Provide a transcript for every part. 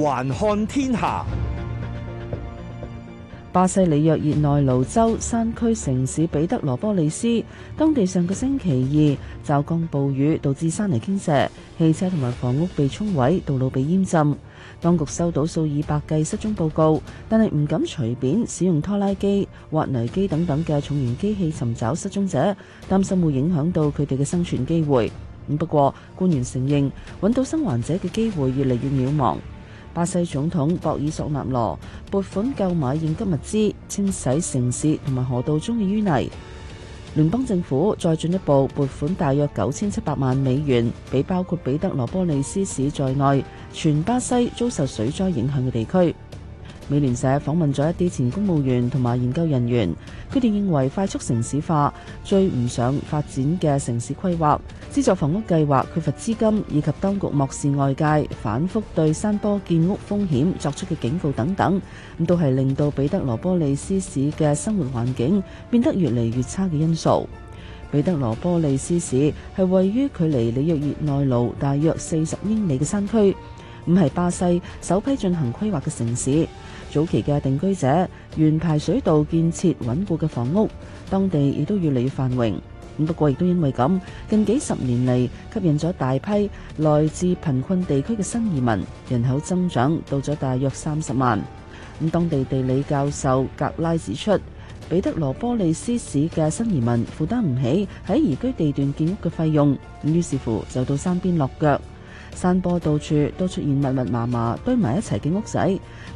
環看天下，巴西里約熱內盧州山區城市彼得羅波利斯，當地上個星期二驟降暴雨，導致山泥傾瀉，汽車同埋房屋被沖毀，道路被淹浸。當局收到數以百計失蹤報告，但係唔敢隨便使用拖拉機、挖泥機等等嘅重型機器尋找失蹤者，擔心會影響到佢哋嘅生存機會。咁不過官員承認，揾到生還者嘅機會越嚟越渺茫。巴西總統博爾索納羅撥款購買應急物資，清洗城市同埋河道中嘅淤泥。聯邦政府再進一步撥款大約九千七百萬美元，俾包括彼得羅波利斯市在內全巴西遭受水災影響嘅地區。美聯社訪問咗一啲前公務員同埋研究人員，佢哋認為快速城市化追唔上發展嘅城市規劃、資助房屋計劃缺乏資金，以及當局漠視外界、反覆對山坡建屋風險作出嘅警告等等，咁都係令到彼得羅波利斯市嘅生活環境變得越嚟越差嘅因素。彼得羅波利斯市係位於距離里約熱內盧大約四十英里嘅山區。唔係巴西首批進行規劃嘅城市，早期嘅定居者沿排水道建設穩固嘅房屋，當地亦都越嚟越繁榮。咁不過亦都因為咁，近幾十年嚟吸引咗大批來自貧困地區嘅新移民，人口增長到咗大約三十萬。咁當地地理教授格拉指出，彼得羅波利斯市嘅新移民負擔唔起喺宜居地段建屋嘅費用，咁於是乎就到山邊落腳。山坡到處都出現密密麻麻堆埋一齊嘅屋仔，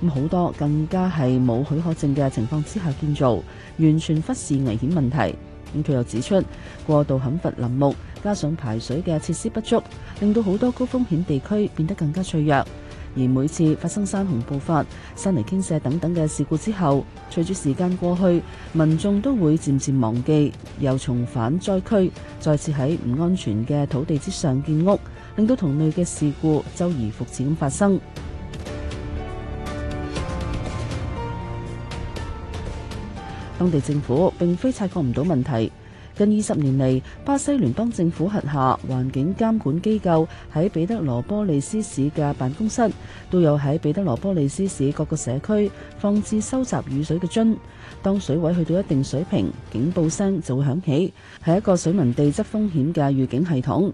咁好多更加係冇許可證嘅情況之下建造，完全忽視危險問題。咁佢又指出，過度砍伐林木，加上排水嘅設施不足，令到好多高風險地區變得更加脆弱。而每次發生山洪暴發、山泥傾瀉等等嘅事故之後，隨住時間過去，民眾都會漸漸忘記，又重返災區，再次喺唔安全嘅土地之上建屋。令到同類嘅事故周而復始咁發生，當地政府並非察覺唔到問題。近二十年嚟，巴西聯邦政府轄下環境監管機構喺彼得羅波利斯市嘅辦公室都有喺彼得羅波利斯市各個社區放置收集雨水嘅樽，當水位去到一定水平，警報聲就會響起，係一個水文地質風險嘅預警系統。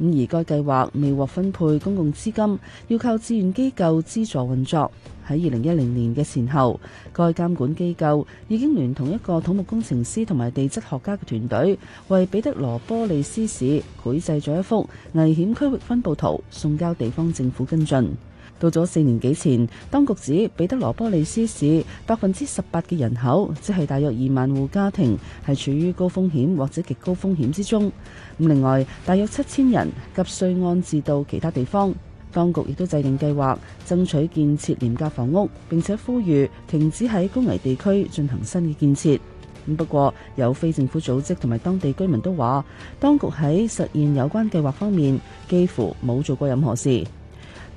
咁而該計劃未獲分配公共資金，要靠志願機構資助運作。喺二零一零年嘅前後，該監管機構已經聯同一個土木工程師同埋地質學家嘅團隊，為彼得羅波利斯市繪製咗一幅危險區域分佈圖，送交地方政府跟進。到咗四年幾前，當局指彼得羅波利斯市百分之十八嘅人口，即係大約二萬戶家庭，係處於高風險或者極高風險之中。另外，大約七千人急需安置到其他地方。當局亦都制定計劃，爭取建設廉價房屋，並且呼籲停止喺高危地區進行新嘅建設。不過，有非政府組織同埋當地居民都話，當局喺實現有關計劃方面，幾乎冇做過任何事。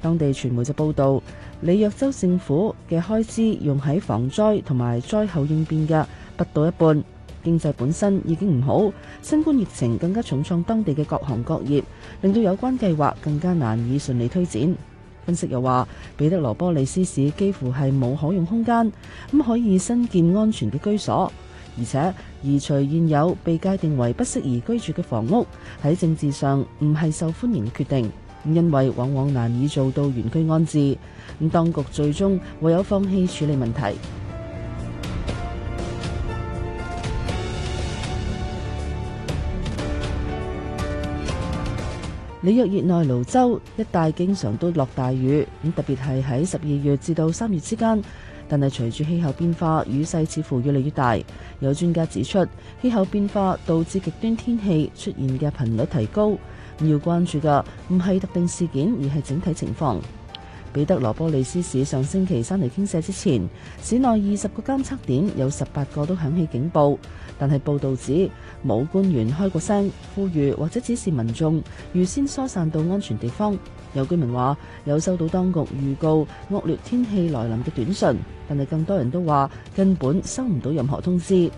當地傳媒就報道，里約州政府嘅開支用喺防災同埋災後應變嘅不到一半。經濟本身已經唔好，新冠疫情更加重創當地嘅各行各業，令到有關計劃更加難以順利推展。分析又話，彼得羅波利斯市幾乎係冇可用空間，咁可以新建安全嘅居所，而且移除現有被界定為不適宜居住嘅房屋，喺政治上唔係受歡迎決定，因為往往難以做到原居安置，當局最終唯有放棄處理問題。里約熱內盧州一帶經常都落大雨，咁特別係喺十二月至到三月之間，但係隨住氣候變化，雨勢似乎越嚟越大。有專家指出，氣候變化導致極端天氣出現嘅頻率提高，要關注嘅唔係特定事件，而係整體情況。彼得羅波利斯市上星期山泥傾瀉之前，市內二十個監測點有十八個都響起警報，但係報道指冇官員開過聲呼籲或者指示民眾預先疏散到安全地方。有居民話有收到當局預告惡劣天氣來臨嘅短信，但係更多人都話根本收唔到任何通知。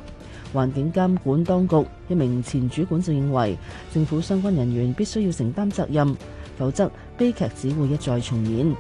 環境監管當局一名前主管就認為，政府相關人員必須要承擔責任，否則悲劇只會一再重演。